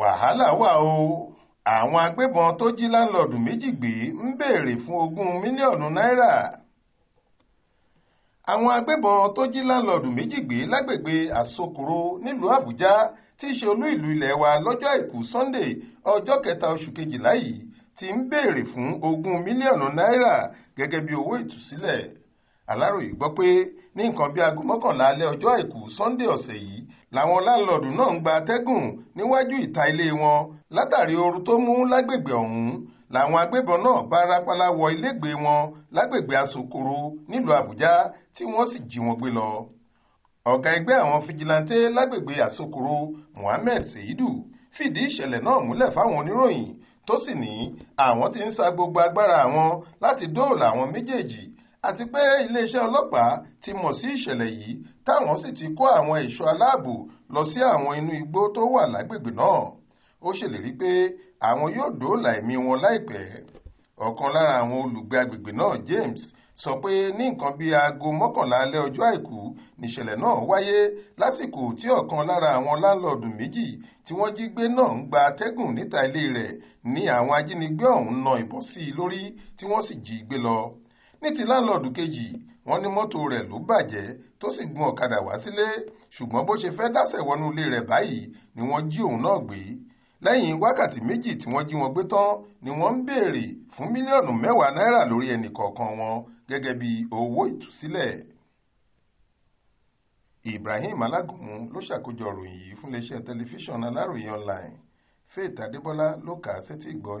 wàhálà wà o àwọn agbébọn tó jí láńlọ́ọ̀dù méjì gbé ń béèrè fún ogún mílíọ̀nù náírà àwọn agbébọn tó jí láńlọ́ọ̀dù méjì gbé lágbègbè àsokoro nílùú àbújá tí í ṣe olú ìlú ilẹ̀ wa lọ́jọ́ àìkú sunday ọjọ́ kẹta oṣù kejìlá yìí ti ń béèrè fún ogún mílíọ̀nù náírà gẹ́gẹ́ bí owó ìtúsílẹ̀ aláròye gbọ́ pé ní nǹkan bíi aago mọ́kànlá alẹ́ ọjọ́ àìkú sunday ọ̀sẹ̀ yìí làwọn láńlọ́ọ̀dù náà ń gba atẹ́gùn níwájú ìta ilé wọn látàrí ooru tó mú lágbègbè ọ̀hún làwọn agbébọn náà bá rápálá wọ ilégbèé wọn lágbègbè asokoro nílùú àbújá tí wọ́n sì jí wọn gbé lọ ọ̀gá ẹgbẹ́ àwọn fijilantè lágbègbè àsokoro Mohammed Seidu fìdí ìṣẹ̀lẹ̀ náà múlẹ̀ fáwọn oníròyìn tó sì ní àwọn ti ń sa gbogbo agbára àwọn láti dóòlà àwọn méjèèjì àti pé iléeṣẹ́ ọlọ́pàá ti mọ̀ sí ìṣẹ̀lẹ̀ yìí táwọn sì ti kó àwọn ẹ̀ṣọ́ aláàbò lọ sí àwọn inú igbó tó wà lágbègbè náà ó ṣèlérí pé àwọn yóò dóòlà ẹ̀mí wọn láìpẹ́ ọ̀kan lára àwọn olùgbé agbègbè náà James sọ pé ní nǹkan bíi aago mọ́kànlá alẹ́ ọjọ́ àìkú níṣẹ̀lẹ̀ náà wáyé lásìkò tí ọ̀kan lára àwọn láńlọ́ọ̀dù méjì tí wọ́n jí gbé náà ń gba atẹ́gùn níta ilé rẹ̀ ní àwọn ajínigbé ọ̀hún na ìbọn sí i lórí tí wọ́n sì jí gbé lọ ní ti láńlọ́ọ̀dù kejì wọ́n ní mọ́tò rẹ̀ ló bàjẹ́ tó sì gun ọ̀kadà wá sílé ṣùgbọ́n bó ṣe fẹ́ dásẹ̀ wọnú ilé rẹ̀ báyìí ni wọ́n jí òun náà gbé lẹ́yìn wákàtí méjì tí wọ́n jí wọn gbé tán ni wọ́n ń béèrè fún mílíọ̀nù mẹ́wàá náírà lórí ẹnì kọ̀ọ̀kan wọn gẹ́gẹ́ bí owó ìtúsílẹ̀ Ibrahim Alágúnmu ló ṣàkójọ ròyìn yìí fún iléeṣẹ́ tẹlifíṣàn Aláròyé online Faith Adébọ́lá ló kà á sétí ìgbọ́